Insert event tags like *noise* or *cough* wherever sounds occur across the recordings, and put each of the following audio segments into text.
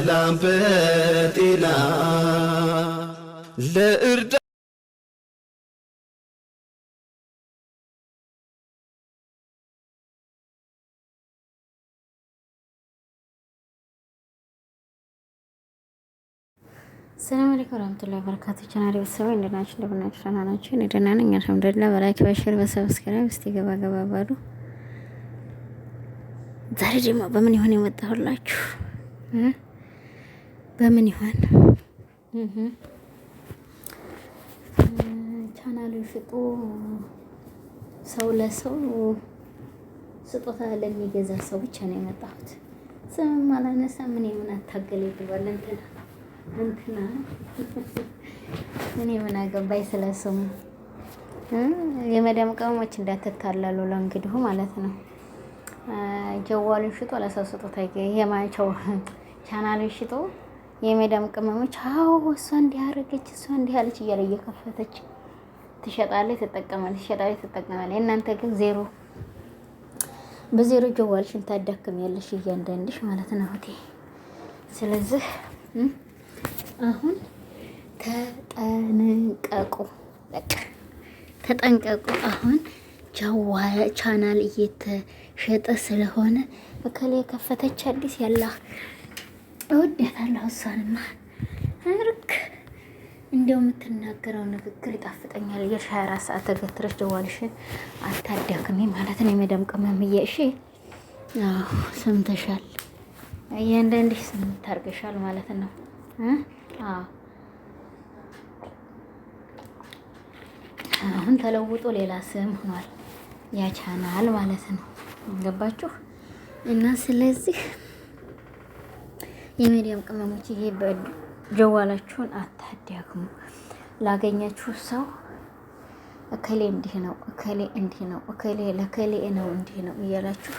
በሰላም በጤና ለእርዳ ሰላም አለይኩም ወራህመቱላሂ ወበረካቱ ቻናል ቤተሰቦች እንደምን ናችሁ? እንደምን ናችሁ? ደህና ናችሁ? እኔ ደህና ነኝ አልሐምዱሊላህ። በላይክ በሼር በሰብስክራይብ እስቲ ገባ ገባ ባሉ። ዛሬ ደግሞ በምን ይሆን የመጣሁላችሁ? በምን ይሆን ቻናሉ ሽጦ ሰው ለሰው ስጦታ ለሚገዛ ሰው ብቻ ነው የመጣሁት። ስምም አላነሳ ምን የምን አታገል ይባል እንትና እንትና ምን የምን አገባይ ስለስሙ የመዳም ቀመሞች እንዳትታለሉ ለእንግዲሁ ማለት ነው። ጀዋሉን ሽጦ ለሰው ስጦታ ይሄ ማቸው ቻናሉን ሽጦ የሜዳም ቅመሞች አዎ እሷ እንዲያረገች እሷ እንዲያለች እያለ እየከፈተች ትሸጣለች፣ ትጠቀማለች፣ ትሸጣለች፣ ትጠቀማለች። እናንተ ግን ዜሮ በዜሮ ጀዋልሽን ታዳክሚያለሽ እያንዳንድሽ ማለት ነው እህቴ። ስለዚህ አሁን ተጠንቀቁ፣ በቃ ተጠንቀቁ። አሁን ጀዋል ቻናል እየተሸጠ ስለሆነ በከላይ ከፈተች አዲስ ያላ እወዳታለሁ እሷንማ። እርክ እንደው የምትናገረው ንግግር ይጣፍጠኛል። የሺህ አራት ሰዓት ተገትረሽ ደዋልሽ አታዳክሚ ማለት ነው። የመዳም ቅመምዬ እሺ፣ ሰምተሻል። እያንዳንድሽ ስምንት አድርገሻል ማለት ነው። አሁን ተለውጦ ሌላ ስም ሆኗል። ያቻናል ማለት ነው። ገባችሁ እና ስለዚህ የሚዲያም ቅመሞች ይሄ ጀዋላችሁን አታዳክሙ። ላገኛችሁ ሰው እከሌ እንዲህ ነው፣ እከሌ እንዲህ ነው፣ እከሌ ለከሌ ነው እንዲህ ነው እያላችሁ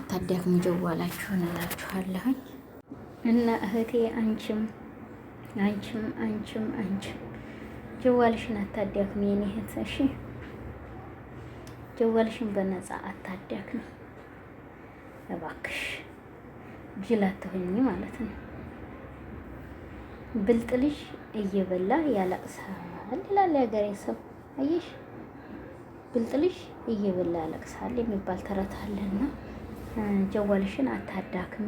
አታዳክሙ ጀዋላችሁን እላችኋለሁኝ። እና እህቴ አንቺም አንቺም አንቺም አንቺም ጀዋልሽን አታዳክሚ የኔ እህት እሺ። ጀዋልሽን በነፃ አታዳክሚ እባክሽ። ጅል ማለት ነው። ብልጥ ልጅ እየበላ ያለቅሳል ይላል የሀገሬ ሰው። አየሽ ብልጥ ልጅ እየበላ ያለቅሳል የሚባል ተረት አለና ጀዋልሽን አታዳክሚ።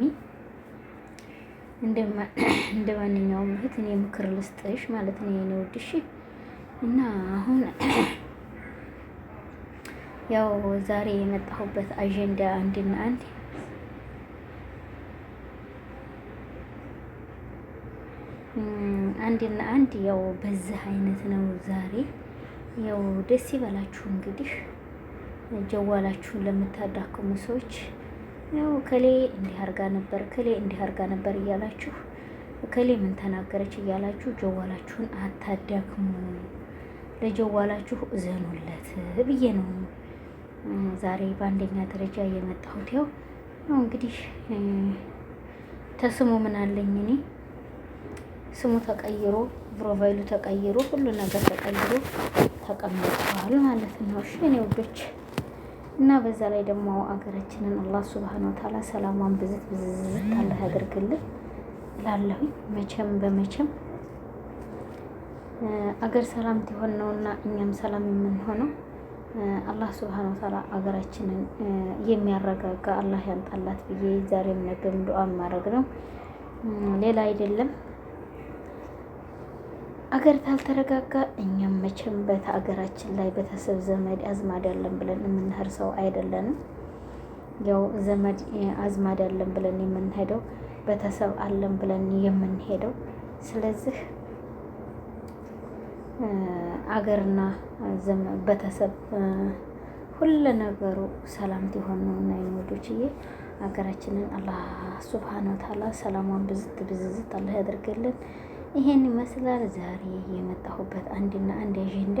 *clears throat* እንደ ማንኛውም እህት እኔ ምክር ልስጥሽ ማለት ነው የኔ ውድሽ። እና አሁን *clears throat* ያው ዛሬ የመጣሁበት አጀንዳ አንድና አንድ አንድና አንድ ያው በዚህ አይነት ነው ዛሬ። ያው ደስ ይበላችሁ እንግዲህ ጀዋላችሁን ለምታዳክሙ ሰዎች ያው ከሌ እንዲህ አርጋ ነበር ከሌ እንዲህ አርጋ ነበር እያላችሁ ከሌ ምን ተናገረች እያላችሁ ጀዋላችሁን አታዳክሙ። ለጀዋላችሁ እዘኑለት ብዬ ነው ዛሬ በአንደኛ ደረጃ የመጣሁት። ያው እንግዲህ ተስሞ ምን አለኝ እኔ ስሙ ተቀይሮ ፕሮፋይሉ ተቀይሮ ሁሉ ነገር ተቀይሮ ተቀምጠዋል ማለት ነው። እሺ እኔ ውዶች እና በዛ ላይ ደግሞ አገራችንን አላህ ሱብሃነሁ ወተዓላ ሰላሟን ብዝት ብዝዝት አላህ ያደርግልን እላለሁኝ። መቼም በመቼም አገር ሰላም ትሆን ነውና እኛም ሰላም የምንሆነው አላህ ሱብሃነሁ ወተዓላ አገራችንን የሚያረጋጋ አላህ ያንጣላት ብዬ ዛሬም ነገም ዱዓ ማድረግ ነው፣ ሌላ አይደለም። አገር ታልተረጋጋ እኛም መቼም በሀገራችን ላይ ቤተሰብ ዘመድ አዝማድ አለን ብለን የምንሄድ ሰው አይደለንም። ያው ዘመድ አዝማድ አለን ብለን የምንሄደው ቤተሰብ አለን ብለን የምንሄደው ስለዚህ አገርና ቤተሰብ ሁለ ነገሩ ሰላም ትሆን ነው እና ይወዶችዬ አገራችንን አላህ ሱብሃነ ወተዓላ ሰላሟን ብዝት ብዝዝት አላህ ያደርገልን። ይሄን ይመስላል ዛሬ የመጣሁበት አንድና አንድ አጀንዳ።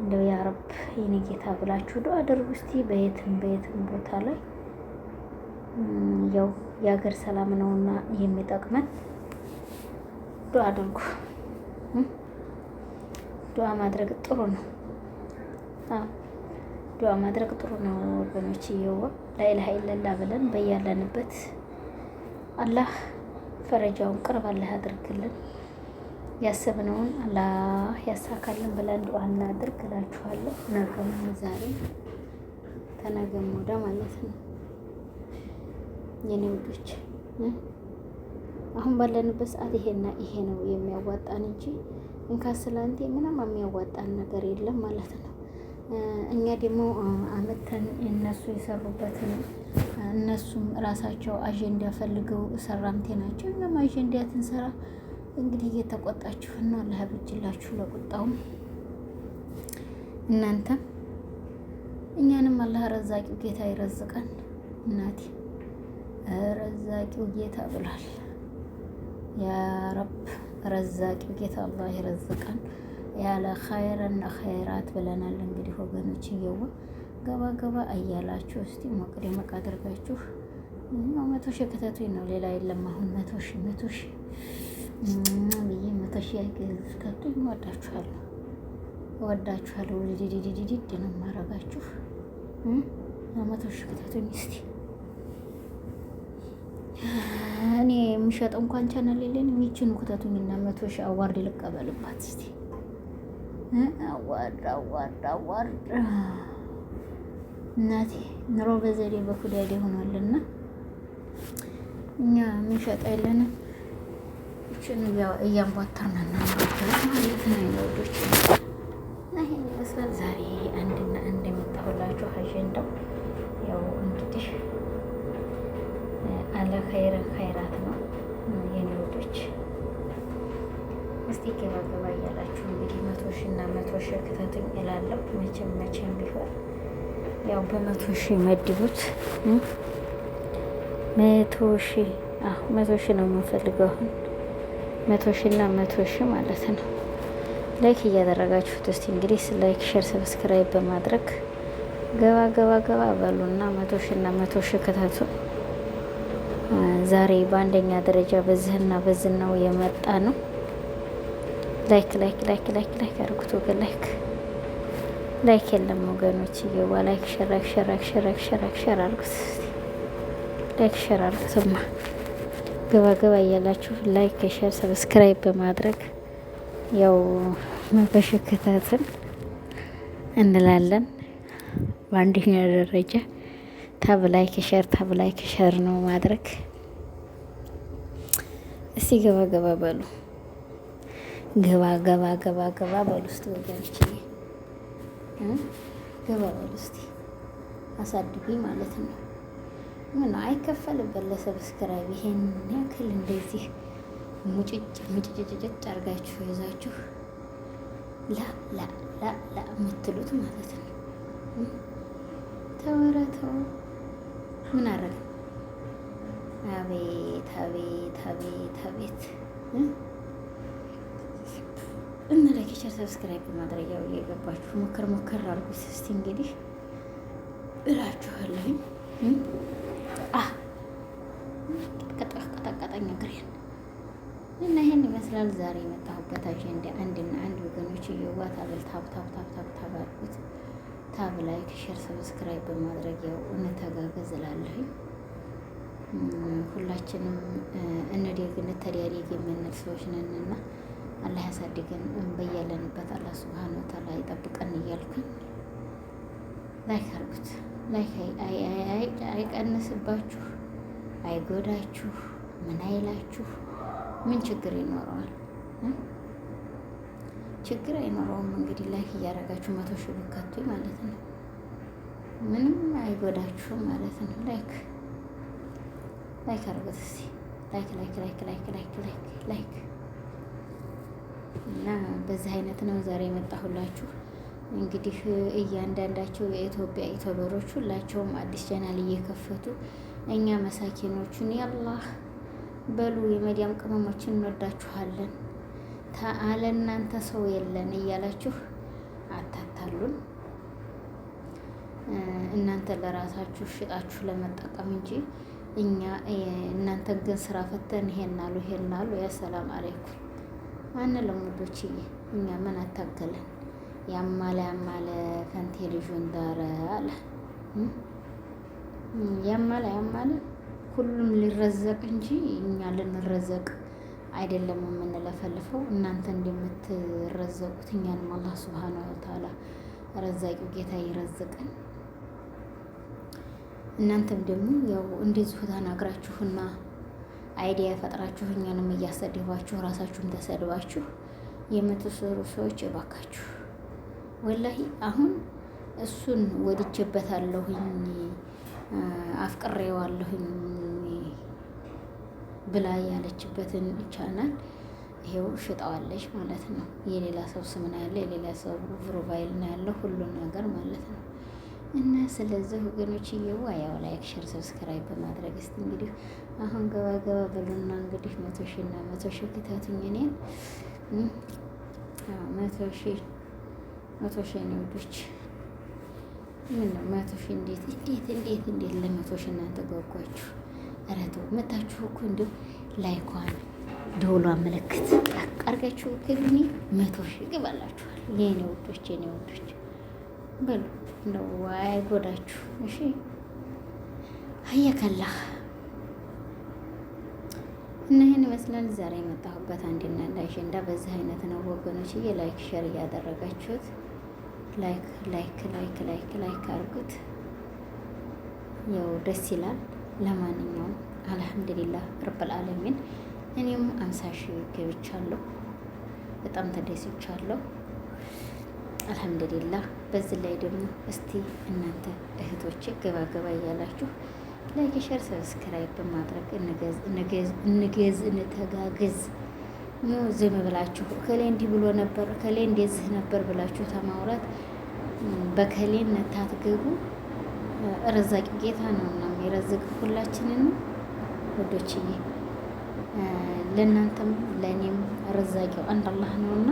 እንደው ያረብ የኔ ጌታ ብላችሁ ዱአ አድርጉ እስቲ በየትም በየትም ቦታ ላይ ያው የሀገር ሰላም ነውና የሚጠቅመን ዱአ አድርጉ። ዱአ ማድረግ ጥሩ ነው። አዎ ዱአ ማድረግ ጥሩ ነው ወገኖች። ይኸው ላኢላሀ ኢለላህ ብለን በያለንበት አላህ ፈረጃውን ቅርብ አላህ ያድርግልን። ያሰብነውን አላህ ያሳካልን ብለን ዱዓ እናድርግ እላችኋለሁ። ነገም ዛሬ ተነገም ወደ ማለት ነው የኔ ውዶች። አሁን ባለንበት ሰዓት ይሄና ይሄ ነው የሚያዋጣን እንጂ እንካስላንቴ ምንም የሚያዋጣን ነገር የለም ማለት ነው። እኛ ደግሞ አመተን እነሱ የሰሩበትን እነሱም ራሳቸው አጀንዳ ፈልገው ሰራምቴ ናቸው። እኛም አጀንዳ ትንሰራ እንግዲህ እየተቆጣችሁና ለሀብጅላችሁ ለቁጣውም እናንተም እኛንም አላህ ረዛቂው ጌታ ይረዝቀን። እናቴ ረዛቂው ጌታ ብሏል። ያ ረብ ረዛቂው ጌታ አላህ ይረዝቀን ያለ ኸይርና ኸይራት ብለናል። እንግዲህ ወገኖች እየው ገባ ገባ እያላችሁ እስቲ ሞቅ ደመቅ አድርጋችሁ ያው መቶ ሺህ ክተቱኝ ነው ሌላ የለም። አሁን መቶ ሺህ መቶ ሺህ ብዬ መቶ ሺ ግዝ ከብቶኝ እወዳችኋለሁ፣ እወዳችኋለሁ። ነው የማረጋችሁ። መቶ ሺ ክተቱኝ እኔ እንኳን ቻናል የለን የሚችን መቶ ሺ አዋርድ ልቀበልባት አዋርድ አዋርድ አዋርድ እናቴ ኑሮ በዘዴ በኩዳዴ ሆኗልና እኛ የምንሸጠው የለንም። ሌሎችን እያንቧተርን ማለት ነው። ይህን ይመስላል ዛሬ አንድና አንድ የምታውላችሁ አጀንዳው ያው እንግዲህ አለ ኸይረ ኸይራት ነው የኔ ወዶች። እስቲ ገባ ገባ እያላችሁ እንግዲህ መቶ ሺ እና መቶ ሺ ክተቱኝ እላለሁ። መቼም መቼም ቢሆን ያው በመቶ ሺ መድቡት መቶ ሺ መቶ ሺ ነው የምንፈልገው አሁን መቶ ሺ እና መቶ ሺ ማለት ነው። ላይክ እያደረጋችሁት እስቲ እንግዲህ ላይክ፣ ሼር፣ ሰብስክራይብ በማድረግ ገባ ገባ ገባ በሉና መቶ ሺ እና መቶ ሺ ክተቱ። ዛሬ በአንደኛ ደረጃ በዝህና በዝህ ነው የመጣ ነው። ላይክ ላይክ ላይክ ላይክ ላይክ አድርጉት ወገን ላይክ ላይክ የለም ወገኖች፣ እየዋ ላይክ ሸራክ ሸራክ ሸራክ ሸራክ ሸር አድርጉት ላይክ ሸር አድርጉትማ ገባገባ እያላችሁ ላይክ፣ ሸር፣ ሰብስክራይብ በማድረግ ያው መበሸከታትን እንላለን። በአንደኛ ደረጃ ታብ ላይክ፣ ሸር ታብ ላይክ፣ ሸር ነው ማድረግ። እስቲ ገባ ገባ በሉ ገባ ገባ ገባ ገባ በሉ እስቲ ወገኖች ገባ በሉ እስቲ አሳድጉኝ ማለት ነው። ምን አይከፈልበት ለሰብስክራይብ ይሄን ያክል እንደዚህ ሙጭጭ ሙጭጭጭጭ አርጋችሁ ይዛችሁ ላ ላ ላ ላ የምትሉት ማለት ነው። ተወረተው ምን አረገ? አቤት አቤት አቤት አቤት እና ለኪቸር ሰብስክራይብ ማድረጊያው እየገባችሁ ሞከር ሞከር አድርጉት። እስቲ እንግዲህ እላችኋለሁኝ። ይመስላል። ዛሬ የመጣሁበት አጀንዳ አንድና አንድ ወገኖች እየዋ ታብል ታብታብታብታብታብ አድርጉት። ታብ ላይክ፣ ሼር፣ ሰብስክራይብ በማድረግ ያው እንተጋገዝ እላለሁኝ። ሁላችንም እንደግ እንተዳደግ የምንል ሰዎች ነንና አላህ ያሳድገን በያለንበት አላህ ስብሓን ወተዓላ ይጠብቀን እያልኩኝ ላይክ አድርጉት። ላይክ አይቀንስባችሁ፣ አይጎዳችሁ፣ ምን አይላችሁ ምን ችግር ይኖረዋል? ችግር አይኖረውም። እንግዲህ ላይክ እያደረጋችሁ መቶ ሺህ ብከቱ ማለት ነው። ምንም አይጎዳችሁ ማለት ነው። ላይክ ላይክ አድርጉት እስቲ ላይክ ላይክ ላይክ ላይክ ላይክ ላይክ ላይክ እና በዚህ አይነት ነው ዛሬ የመጣሁላችሁ። እንግዲህ እያንዳንዳቸው የኢትዮጵያ ዩቱበሮች ሁላቸውም አዲስ ቻናል እየከፈቱ እኛ መሳኪኖቹን ያላህ በሉ የመዲያም ቅመሞችን እንወዳችኋለን፣ አለ እናንተ ሰው የለን እያላችሁ አታታሉን። እናንተ ለራሳችሁ ሽጣችሁ ለመጠቀም እንጂ እኛ እናንተ ግን ስራ ፈተን ይሄናሉ ይሄናሉ የሰላም አለይኩም አንልም። ውዶችዬ እኛ ምን አታገለን። ያማለ ያማለ ፈንቴ ዳረ አለ ያማለ ያማለ ሁሉም ሊረዘቅ እንጂ እኛ ልንረዘቅ አይደለም የምንለፈልፈው። እናንተ እንደምትረዘቁት እኛንም አላህ ሱብሓነሁ ወተዓላ ረዛቂው ጌታ ይረዝቅን። እናንተም ደግሞ ያው እንደዚሁ ተናግራችሁና አይዲያ ፈጥራችሁ እኛንም እያሰደባችሁ ራሳችሁም ተሰድባችሁ የምትሰሩ ሰዎች እባካችሁ ወላሂ አሁን እሱን ወድጄበታለሁኝ አፍቅሬዋለሁኝ ብላ ያለችበትን ቻናል ይሄው ሽጣዋለች ማለት ነው። የሌላ ሰው ስም ነው ያለው፣ የሌላ ሰው ፕሮፋይል ነው ያለው፣ ሁሉን ነገር ማለት ነው። እና ስለዚህ ወገኖች እየው ያው ላይክ ሸር ሰብስክራይብ በማድረግ እስቲ እንግዲህ አሁን ገባ ገባ ብሉና እንግዲህ መቶ ሺ እና መቶ ሺ ክታቱኝ እኔን መቶ ሺ መቶ ሺ ነው ልጅ ምን ነው መቶ ሺ እንዴት እንዴት እንዴት እንዴት ለመቶ ሺ እናንተ ጓጓችሁ። ኧረ መታችሁ እኮ እንዲሁ ላይኳን ደውሏ ምልክት አርጋችሁ ከግኒ መቶ ሺ ግባላችኋል። የኔ ውዶች፣ የኔ ውዶች በሉ እንደው አይጎዳችሁ። እሺ አየከላ እና ይህን ይመስላል ዛሬ የመጣሁበት አንድና አንድ አጀንዳ በዚህ አይነት ነው ወገኖች። እየ ላይክ ሸር እያደረጋችሁት ላይክ ላይክ ላይክ ላይክ ላይክ አርጉት። ያው ደስ ይላል። ለማንኛውም አልሐምዱሊላህ ረብል ዓለሚን እኔም አምሳ ሺህ ገብቻለሁ። በጣም ተደስቻለሁ። አልሐምዱሊላህ በዚህ ላይ ደግሞ እስቲ እናንተ እህቶቼ ገባገባ እያላችሁ ላይክ፣ ሸር፣ ሰብስክራይብ በማድረግ እንገዝ እንተጋግዝ። ኑ ዝም ብላችሁ እከሌ እንዲህ ብሎ ነበር እከሌ እንደዚህ ነበር ብላችሁ ተማውራት በከሌን ታትገቡ። ረዛቂ ጌታ ነውና የሚረዝቅ ሁላችንን ወዶችዬ፣ ለእናንተም ለእኔም ረዛቂው አንድ አላህ ነውና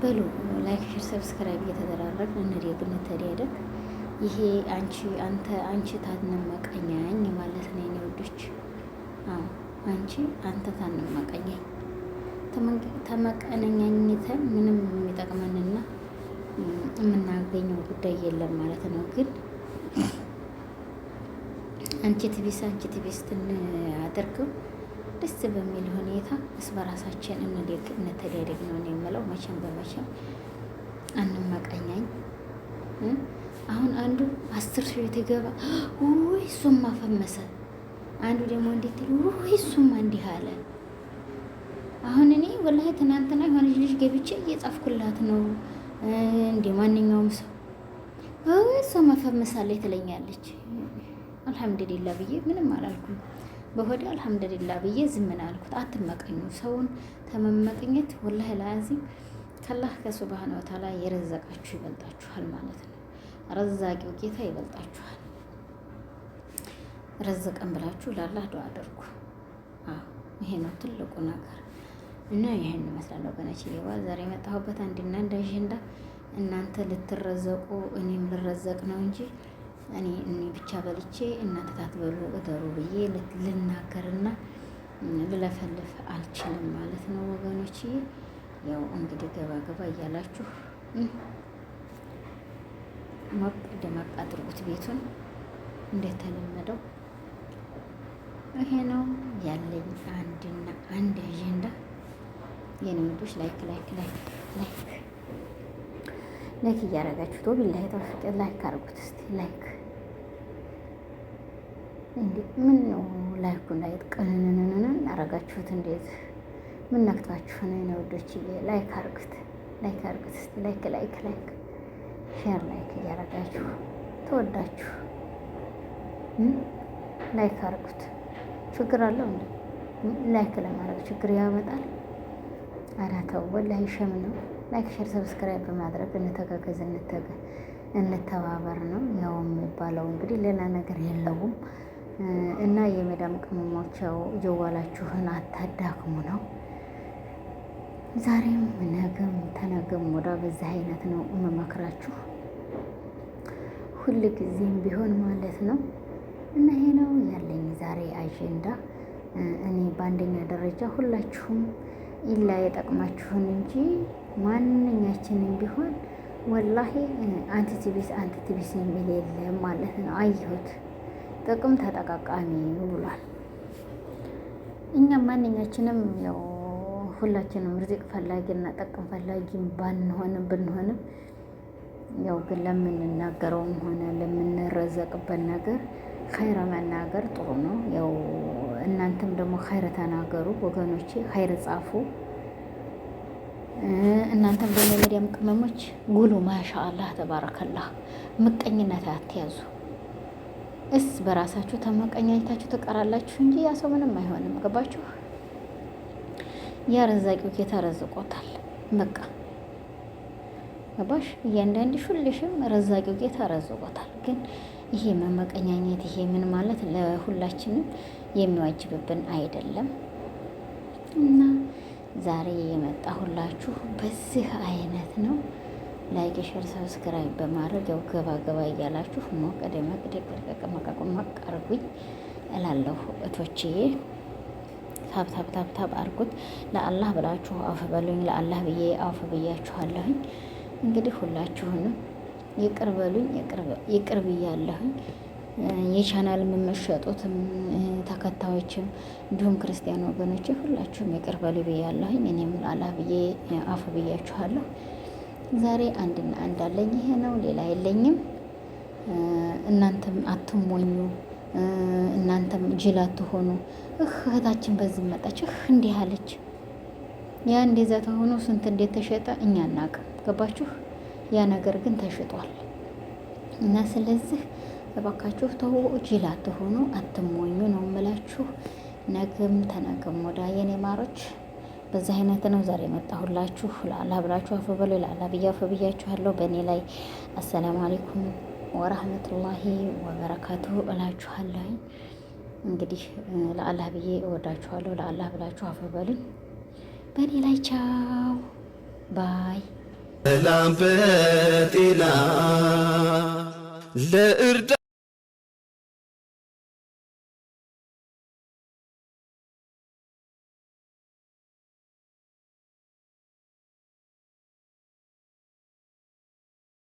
በሉ ላይክ፣ ሼር፣ ሰብስክራይብ እየተደራረግ እንዴት እንተዳደግ። ይሄ አንቺ አንተ አንቺ ታንመቀኛኝ ማለት ነው የኔ ወዶች። አንቺ አንተ ታንመቀኛኝ ተመቀነኛኝተ ምንም የሚጠቅመንና የምናገኘው ጉዳይ የለም ማለት ነው ግን አንቺ ትቢስ አንቺ ትቢስ አድርገው ደስ በሚል ሁኔታ እስ በራሳችን እንደግ እንተዳደግ ነው የምለው። መቼም በመቼም አንመቀኛኝ። አሁን አንዱ አስር ሺህ የተገባ *gasps* ውይ እሱም ፈመሰ፣ አንዱ ደግሞ እንዴት ውይ እሱም እንዲህ አለ። አሁን እኔ ወላሂ ትናንትና የሆነች ልጅ ገብቼ እየጻፍኩላት ነው እንደ ማንኛውም ሰው ፈመሰ መፈመሳለች ትለኛለች። አልሐምድሊላ ብዬ ምንም አላልኩም። በሆዴ አልሐምድሊላ ብዬ ዝምን አልኩት። አትመቀኙ። ሰውን ተመመቅኘት ወላሂ ለአዚም ከላህ ከሱብሃነ ወተዓላ የረዘቃችሁ ይበልጣችኋል ማለት ነው። ረዛቂው ጌታ ይበልጣችኋል። ረዘቀን ብላችሁ ላላህ ዱዓ አድርጉ። ይሄ ነው ትልቁ ነገር እና ይህን ይመስላል ወገኖች። ይባ ዛሬ የመጣሁበት አንድና አንድ አጀንዳ እናንተ ልትረዘቁ እኔም ልረዘቅ ነው እንጂ እኔ እኔ ብቻ በልቼ እናንተ አትበሉ እደሩ ብዬ ልናገርና ልለፈልፍ አልችልም ማለት ነው ወገኖች። ያው እንግዲህ ገባ ገባ እያላችሁ ሞቅ ደመቅ አድርጉት ቤቱን እንደተለመደው። ይሄ ነው ያለኝ አንድና አንድ አጀንዳ የኔ ወዶች። ላይክ ላይክ ላይክ ላይክ ላይክ እያደረጋችሁ ቶ ቢላይ ተወፍቄ ላይክ አድርጉት እስቲ ላይክ እንዴ ምን ነው ላይኩ ላይት ቅንንንንን አረጋችሁት? እንዴት ምን ነክቷችሁ ነው? ነውዶች ላይክ አርጉት፣ ላይክ አርጉት፣ ላይክ ላይክ ላይክ ሼር ላይክ እያረጋችሁ ተወዳችሁ ላይክ አርጉት። ችግር አለው እንዴ ላይክ ለማድረግ ችግር ያመጣል? ኧረ ወላሂ ሸም ነው። ላይክ ሼር ሰብስክራይብ በማድረግ እንተጋገዝ፣ እንተባበር ነው ያው የሚባለው እንግዲህ ሌላ ነገር የለውም። እና የመዳም ቅመሞቸው ጀዋላችሁን አታዳክሙ ነው። ዛሬም ነገም ተነገም ወዳ በዚህ አይነት ነው የምመክራችሁ ሁል ጊዜም ቢሆን ማለት ነው። እና ይሄ ነው ያለኝ ዛሬ አጀንዳ። እኔ በአንደኛ ደረጃ ሁላችሁም ኢላ የጠቅማችሁን እንጂ ማንኛችንም ቢሆን ወላሂ አንቲቲቢስ አንቲቲቢስ የሚል የለም ማለት ነው። አየሁት ጥቅም ተጠቃቃሚ ብሏል። እኛም ማንኛችንም ያው ሁላችንም ርዚቅ እና ጥቅም ፈላጊ ባንሆንም ብንሆንም ያው ግን ለምንናገረውም ሆነ ለምንረዘቅበት ነገር ኸይረ መናገር ጥሩ ነው። ያው እናንተም ደግሞ ኸይረ ተናገሩ ወገኖች ኸይረ ጻፉ። እናንተም ደግሞ መዲያም ቅመሞች ጉሉ ማሻአላህ ተባረከላህ፣ ምቀኝነት አትያዙ። እስ በራሳችሁ ተመቀኛኝታችሁ ትቀራላችሁ እንጂ ያ ሰው ምንም አይሆንም። ገባችሁ? ያ ረዛቂው ጌታ ረዝቆታል። በቃ ገባሽ? እያንዳንድ ሁልሽም ረዛቂው ጌታ ረዝቆታል። ግን ይሄ መመቀኛኘት ይሄ ምን ማለት ለሁላችንም የሚዋጅብብን አይደለም እና ዛሬ የመጣሁላችሁ በዚህ አይነት ነው። ላይክ፣ ሼር፣ ሰብስክራይብ በማድረግ ያው ገባ ገባ እያላችሁ ሞቅ ደመቅ ደቀቀ መቀቁ ሞቅ አርጉኝ እላለሁ እቶቼ። ታብ ታብ ታብ ታብ አርጉት። ለአላህ ብላችሁ አፍ በሉኝ። ለአላህ ብዬ አፍ ብያችኋለሁኝ። እንግዲህ ሁላችሁንም ይቅር በሉኝ። ይቅር ብያለሁኝ። የቻናል የምመሸጡትም ተከታዮችም እንዲሁም ክርስቲያን ወገኖች ሁላችሁም ይቅር በሉ ብያለሁኝ። እኔም ለአላህ ብዬ አፍ ብያችኋለሁ። ዛሬ አንድና አንድ አለኝ ይሄ ነው፣ ሌላ የለኝም። እናንተም አትሞኙ፣ እናንተም ጅል አትሆኑ። እህ እህታችን በዚህ መጣች፣ እህ እንዲህ አለች። ያ እንደዛ ተሆኖ ስንት እንዴት ተሸጠ እኛ አናውቅም። ገባችሁ? ያ ነገር ግን ተሽጧል። እና ስለዚህ እባካችሁ ተው፣ ጅል አትሆኑ፣ አትሞኙ ነው የምላችሁ። ነገም ተነገም ወዳ የኔ ማሮች በዚህ አይነት ነው ዛሬ የመጣሁላችሁ ላላ ብላችሁ አፈ በሉ ላላ ብዬ አፈ ብያችኋለሁ በእኔ ላይ። አሰላሙ አሌይኩም ወራህመቱላሂ ወበረካቱ እላችኋለኝ። እንግዲህ ለአላህ ብዬ እወዳችኋለሁ። ለአላህ ብላችሁ አፈ በሉኝ። በእኔ ላይ ቻው ባይ። ሰላም በጤና ለእርዳ